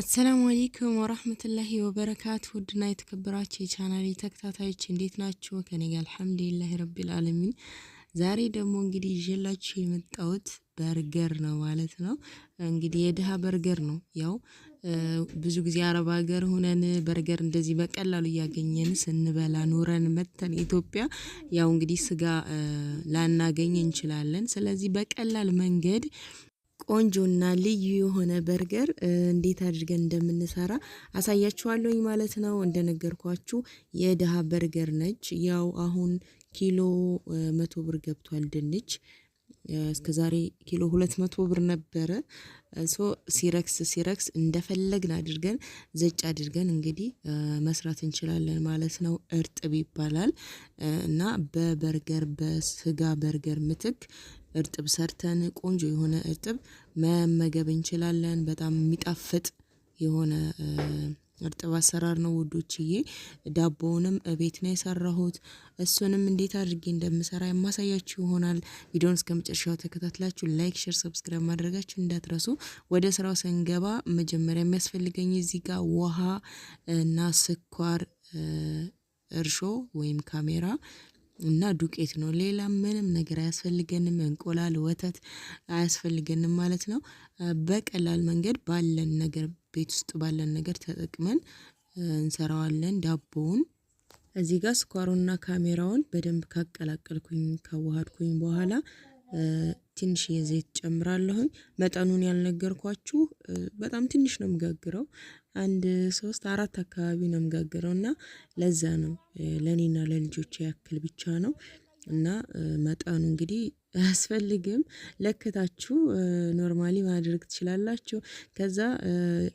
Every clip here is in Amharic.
አሰላሙ አሌይኩም ወራህመቱላሂ ወበረካቱ። ውድና የተከበራችሁ የቻናሌ ተከታታዮች እንዴት ናችሁ? ከኔ ጋር አልሐምዱሊላሂ ረቢል አለሚን። ዛሬ ደግሞ እንግዲህ ይዤላችሁ የመጣሁት በርገር ነው ማለት ነው። እንግዲህ የድሃ በርገር ነው። ያው ብዙ ጊዜ አረብ ሀገር ሁነን በርገር እንደዚህ በቀላሉ እያገኘን ስንበላ ኑረን መተን ኢትዮጵያ ያው እንግዲህ ስጋ ላናገኝ እንችላለን። ስለዚህ በቀላል መንገድ ቆንጆና ልዩ የሆነ በርገር እንዴት አድርገን እንደምንሰራ አሳያችኋለሁኝ ማለት ነው። እንደነገርኳችሁ የድሃ በርገር ነች። ያው አሁን ኪሎ መቶ ብር ገብቷል ድንች እስከ ዛሬ ኪሎ ሁለት መቶ ብር ነበረ። ሶ ሲረክስ ሲረክስ እንደፈለግን አድርገን ዘጭ አድርገን እንግዲህ መስራት እንችላለን ማለት ነው። እርጥብ ይባላል እና በበርገር በስጋ በርገር ምትክ እርጥብ ሰርተን ቆንጆ የሆነ እርጥብ መመገብ እንችላለን። በጣም የሚጣፍጥ የሆነ እርጥብ አሰራር ነው ውዶችዬ። ዳቦውንም እቤት ነው የሰራሁት። እሱንም እንዴት አድርጌ እንደምሰራ የማሳያችሁ ይሆናል። ቪዲዮን እስከ መጨረሻው ተከታትላችሁ ላይክ፣ ሼር፣ ሰብስክራይብ ማድረጋችሁ እንዳትረሱ። ወደ ስራው ስንገባ መጀመሪያ የሚያስፈልገኝ እዚህ ጋር ውሃ እና ስኳር እርሾ ወይም ካሜራ እና ዱቄት ነው። ሌላ ምንም ነገር አያስፈልገንም። እንቁላል፣ ወተት አያስፈልገንም ማለት ነው። በቀላል መንገድ ባለን ነገር ቤት ውስጥ ባለን ነገር ተጠቅመን እንሰራዋለን ዳቦውን። እዚህ ጋር ስኳሩና ካሜራውን በደንብ ካቀላቀልኩኝ ካዋሃድኩኝ በኋላ ትንሽ የዘይት ጨምራለሁኝ። መጠኑን ያልነገርኳችሁ በጣም ትንሽ ነው የምጋግረው። አንድ ሶስት አራት አካባቢ ነው የምጋግረው እና ለዛ ነው ለእኔና ለልጆች ያክል ብቻ ነው። እና መጠኑ እንግዲህ አያስፈልግም። ለክታችሁ ኖርማሊ ማድረግ ትችላላችሁ። ከዛ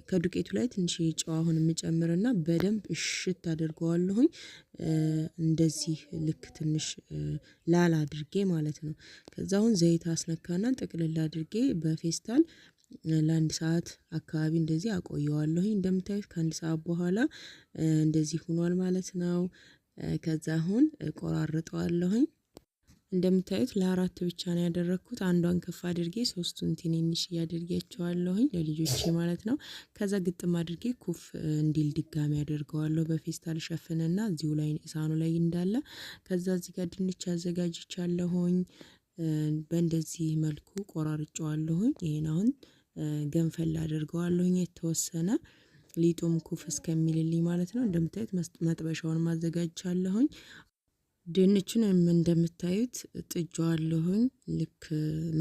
ከዱቄቱ ላይ ትንሽ ጨው አሁን የምጨምርና በደንብ እሽት አድርገዋለሁኝ። እንደዚህ ልክ ትንሽ ላላ አድርጌ ማለት ነው። ከዛ አሁን ዘይት አስነካና ጥቅልል አድርጌ በፌስታል ለአንድ ሰዓት አካባቢ እንደዚህ አቆየዋለሁኝ። እንደምታዩት ከአንድ ሰዓት በኋላ እንደዚህ ሆኗል ማለት ነው። ከዛ አሁን ቆራርጠዋለሁኝ። እንደምታዩት ለአራት ብቻ ነው ያደረግኩት። አንዷን ከፍ አድርጌ ሶስቱን ትንንሽ እያደርጌያቸዋለሁኝ ለልጆቼ ማለት ነው። ከዛ ግጥም አድርጌ ኩፍ እንዲል ድጋሚ ያደርገዋለሁ በፌስታል ሸፍንና እዚሁ ላይ እሳኑ ላይ እንዳለ። ከዛ እዚህ ጋር ድንች አዘጋጅቻለሁኝ በእንደዚህ መልኩ ቆራርጨዋለሁኝ። ይሄን አሁን ገንፈል አደርገዋለሁኝ የተወሰነ ሊጡም ኩፍ እስከሚልልኝ ማለት ነው። እንደምታዩት መጥበሻውን ማዘጋጅቻለሁኝ። ድንቹን እንደምታዩት አለሁኝ። ልክ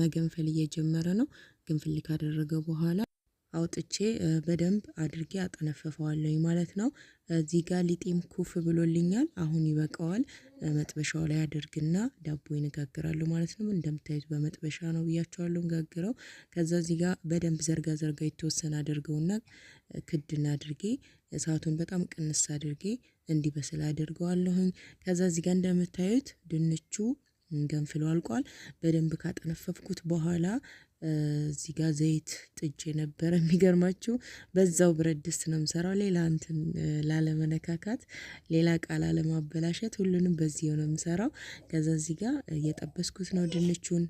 መገንፈል እየጀመረ ነው። ግንፍል ካደረገ በኋላ አውጥቼ በደንብ አድርጌ አጠነፈፈዋለሁኝ ማለት ነው። እዚህ ጋር ሊጤም ኩፍ ብሎልኛል። አሁን ይበቃዋል። መጥበሻው ላይ አድርግና ዳቦ ይነጋግራሉ ማለት ነው። እንደምታዩት በመጥበሻ ነው ብያቸዋለሁ ጋግረው። ከዛ እዚህ ጋር በደንብ ዘርጋ ዘርጋ የተወሰነ አድርገውና ክድና አድርጌ እሳቱን በጣም ቅንስ አድርጌ እንዲበስል አድርገዋለሁኝ። ከዛ እዚህ ጋር እንደምታዩት ድንቹ ገንፍሎ አልቋል። በደንብ ካጠነፈፍኩት በኋላ እዚህ ጋር ዘይት ጥጄ ነበረ። የሚገርማችሁ በዛው ብረት ድስት ነው የምሰራው፣ ሌላ እንትን ላለመነካካት፣ ሌላ ቃል ላለማበላሸት፣ ሁሉንም በዚህ ነው የምሰራው። ከዛ እዚህ ጋር እየጠበስኩት ነው ድንቹን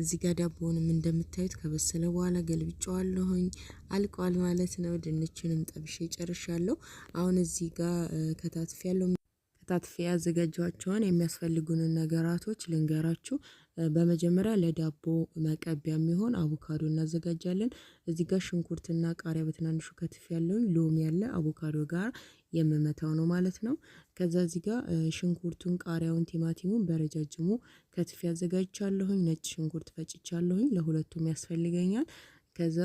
እዚህ ጋር ዳቦውንም እንደምታዩት ከበሰለ በኋላ ገልብጨዋለሁኝ አልቀዋል ማለት ነው። ድንችንም ጠብሼ ጨርሻለሁ። አሁን እዚህ ጋር ከታትፍ ያለው ከታትፍ ያዘጋጀኋቸውን የሚያስፈልጉንን ነገራቶች ልንገራችሁ። በመጀመሪያ ለዳቦ መቀቢያ የሚሆን አቮካዶ እናዘጋጃለን። እዚህ ጋር ሽንኩርትና ቃሪያ በትናንሹ ከትፍ ያለውን ሎሚ ያለ አቮካዶ ጋር የምመታው ነው ማለት ነው። ከዛ እዚህ ጋር ሽንኩርቱን፣ ቃሪያውን፣ ቲማቲሙን በረጃጅሙ ከትፍ ያዘጋጅቻለሁኝ። ነጭ ሽንኩርት ፈጭቻለሁኝ፣ ለሁለቱም ያስፈልገኛል። ከዛ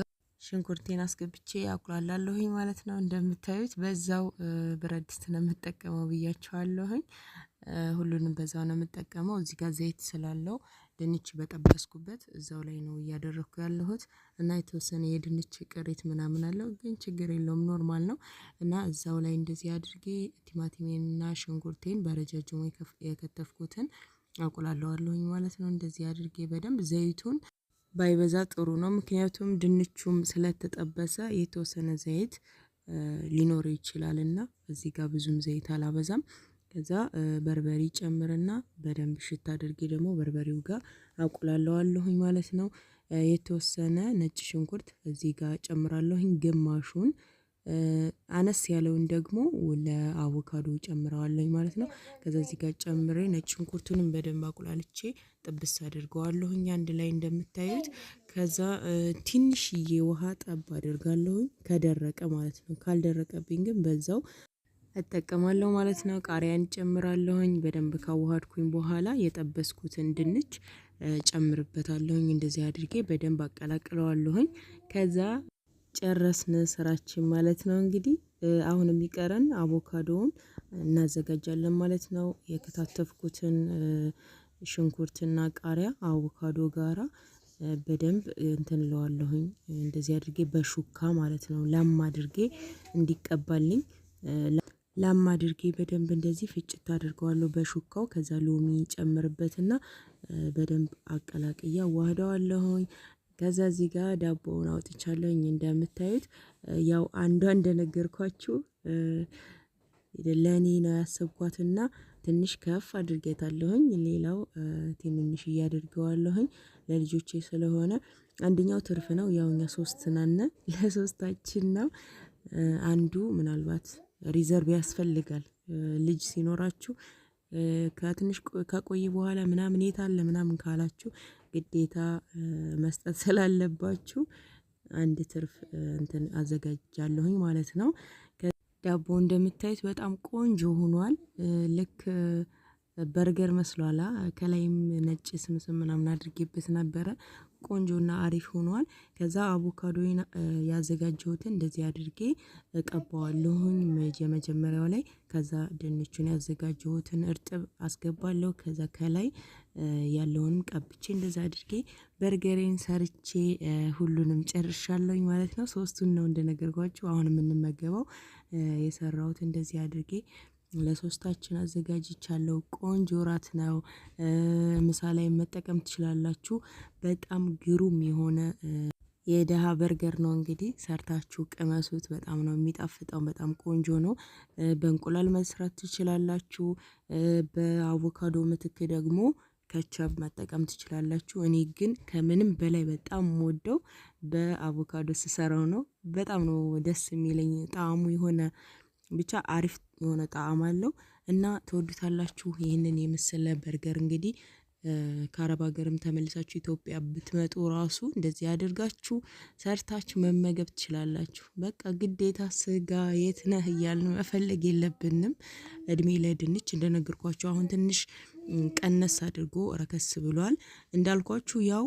ሽንኩርቴን አስገብቼ አቁላላለሁኝ ማለት ነው። እንደምታዩት በዛው ብረት ድስት ነው የምጠቀመው ብያቸዋለሁኝ። ሁሉንም በዛው ነው የምጠቀመው። እዚህ ጋር ዘይት ስላለው ድንች በጠበስኩበት እዛው ላይ ነው እያደረግኩ ያለሁት እና የተወሰነ የድንች ቅሪት ምናምን አለው፣ ግን ችግር የለውም ኖርማል ነው። እና እዛው ላይ እንደዚህ አድርጌ ቲማቲሜንና ሽንኩርቴን በረጃጅሙ የከተፍኩትን አቁላለዋለሁኝ ማለት ነው። እንደዚህ አድርጌ በደንብ ዘይቱን ባይበዛ ጥሩ ነው። ምክንያቱም ድንቹም ስለተጠበሰ የተወሰነ ዘይት ሊኖር ይችላል እና እዚህ ጋር ብዙም ዘይት አላበዛም። ከዛ በርበሬ ጨምርና በደንብ ሽታ አድርጌ ደግሞ በርበሬው ጋር አቁላለዋለሁኝ ማለት ነው። የተወሰነ ነጭ ሽንኩርት እዚህ ጋር ጨምራለሁኝ ግማሹን አነስ ያለውን ደግሞ ለአቮካዶ ጨምረዋለኝ ማለት ነው። ከዛ እዚህ ጋር ጨምሬ ነጭ ሽንኩርቱንም በደንብ አቁላልቼ ጥብስ አድርገዋለሁኝ አንድ ላይ እንደምታዩት ከዛ ትንሽዬ ውሃ ጠብ አድርጋለሁኝ ከደረቀ ማለት ነው። ካልደረቀብኝ ግን በዛው እጠቀማለሁ ማለት ነው። ቃሪያን ጨምራለሁኝ በደንብ ካዋሃድኩኝ በኋላ የጠበስኩትን ድንች ጨምርበታለሁኝ። እንደዚህ አድርጌ በደንብ አቀላቅለዋለሁኝ። ከዛ ጨረስን ስራችን ማለት ነው። እንግዲህ አሁን የሚቀረን አቮካዶውን እናዘጋጃለን ማለት ነው። የከታተፍኩትን ሽንኩርትና ቃሪያ አቮካዶ ጋራ በደንብ እንትን እንደዚህ አድርጌ በሹካ ማለት ነው ለም አድርጌ እንዲቀባልኝ ላም አድርጌ በደንብ እንደዚህ ፍጭት አድርገዋለሁ በሹካው። ከዛ ሎሚ ጨምርበትና በደንብ አቀላቅያ ዋህደዋለሁኝ። ከዛ እዚህ ጋር ዳቦውን አውጥቻለሁኝ እንደምታዩት። ያው አንዷ እንደነገርኳችሁ ለእኔ ነው ያሰብኳትና ትንሽ ከፍ አድርጌታለሁኝ። ሌላው ትንንሽ እያደርገዋለሁኝ ለልጆቼ ስለሆነ አንደኛው ትርፍ ነው። ያው እኛ ሶስት ነን፣ ለሶስታችን ነው። አንዱ ምናልባት ሪዘርቭ ያስፈልጋል። ልጅ ሲኖራችሁ ከትንሽ ከቆየ በኋላ ምናምን የት አለ ምናምን ካላችሁ ግዴታ መስጠት ስላለባችሁ አንድ ትርፍ እንትን አዘጋጃለሁኝ ማለት ነው። ዳቦ እንደምታዩት በጣም ቆንጆ ሆኗል። ልክ በርገር መስሏላ ከላይም ነጭ ስምስም ምናምን አድርጌበት ነበረ። ቆንጆና አሪፍ ሆኗል። ከዛ አቮካዶ ያዘጋጀሁትን እንደዚህ አድርጌ እቀባዋለሁኝ የመጀመሪያው ላይ። ከዛ ድንቹን ያዘጋጀሁትን እርጥብ አስገባለሁ። ከዛ ከላይ ያለውንም ቀብቼ እንደዚ አድርጌ በርገሬን ሰርቼ ሁሉንም ጨርሻለሁኝ ማለት ነው። ሶስቱን ነው እንደነገርኳችሁ አሁን የምንመገበው የሰራሁት እንደዚህ አድርጌ ለሶስታችን አዘጋጅቻለሁ። ቆንጆ ራት ነው። ምሳ ላይ መጠቀም ትችላላችሁ። በጣም ግሩም የሆነ የደሃ በርገር ነው እንግዲህ ሰርታችሁ ቅመሱት። በጣም ነው የሚጣፍጠው። በጣም ቆንጆ ነው። በእንቁላል መስራት ትችላላችሁ። በአቮካዶ ምትክ ደግሞ ከቻብ መጠቀም ትችላላችሁ። እኔ ግን ከምንም በላይ በጣም ወደው በአቮካዶ ስሰራው ነው። በጣም ነው ደስ የሚለኝ ጣዕሙ የሆነ ብቻ አሪፍ የሆነ ጣዕም አለው እና ተወዱታላችሁ ይህንን የመሰለ በርገር እንግዲህ ከአረብ ሀገርም ተመልሳችሁ ኢትዮጵያ ብትመጡ ራሱ እንደዚህ አድርጋችሁ ሰርታችሁ መመገብ ትችላላችሁ። በቃ ግዴታ ስጋ የት ነህ እያልን መፈለግ የለብንም። እድሜ ለድንች እንደነገርኳችሁ አሁን ትንሽ ቀነስ አድርጎ ረከስ ብሏል። እንዳልኳችሁ ያው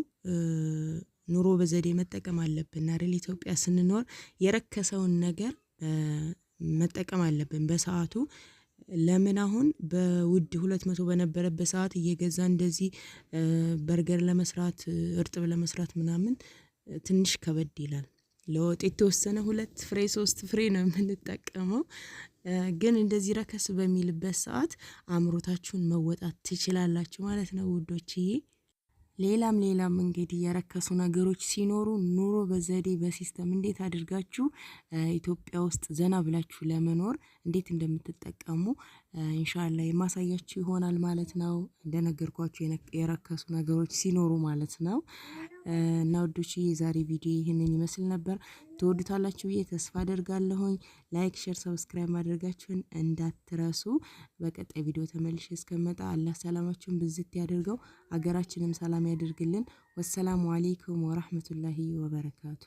ኑሮ በዘዴ መጠቀም አለብን አይደል? ኢትዮጵያ ስንኖር የረከሰውን ነገር መጠቀም አለብን በሰአቱ። ለምን አሁን በውድ ሁለት መቶ በነበረበት ሰዓት እየገዛ እንደዚህ በርገር ለመስራት እርጥብ ለመስራት ምናምን ትንሽ ከበድ ይላል። ለወጥ የተወሰነ ሁለት ፍሬ ሶስት ፍሬ ነው የምንጠቀመው። ግን እንደዚህ ረከስ በሚልበት ሰዓት አምሮታችሁን መወጣት ትችላላችሁ ማለት ነው ውዶችዬ ሌላም ሌላም እንግዲህ የረከሱ ነገሮች ሲኖሩ ኑሮ በዘዴ በሲስተም እንዴት አድርጋችሁ ኢትዮጵያ ውስጥ ዘና ብላችሁ ለመኖር እንዴት እንደምትጠቀሙ ኢንሻአላ የማሳያችሁ ይሆናል ማለት ነው። እንደነገርኳችሁ የረከሱ ነገሮች ሲኖሩ ማለት ነው። እና ወዶች የዛሬ ቪዲዮ ይህንን ይመስል ነበር። ትወዱታላችሁ ብዬ ተስፋ አደርጋለሁኝ። ላይክ፣ ሼር፣ ሰብስክራይብ ማድረጋችሁን እንዳትረሱ። በቀጣይ ቪዲዮ ተመልሼ እስከመጣ አላህ ሰላማችሁን ብዝት ያደርገው፣ ሀገራችንም ሰላም ያደርግልን። ወሰላሙ አሌይኩም ወራህመቱላሂ ወበረካቱ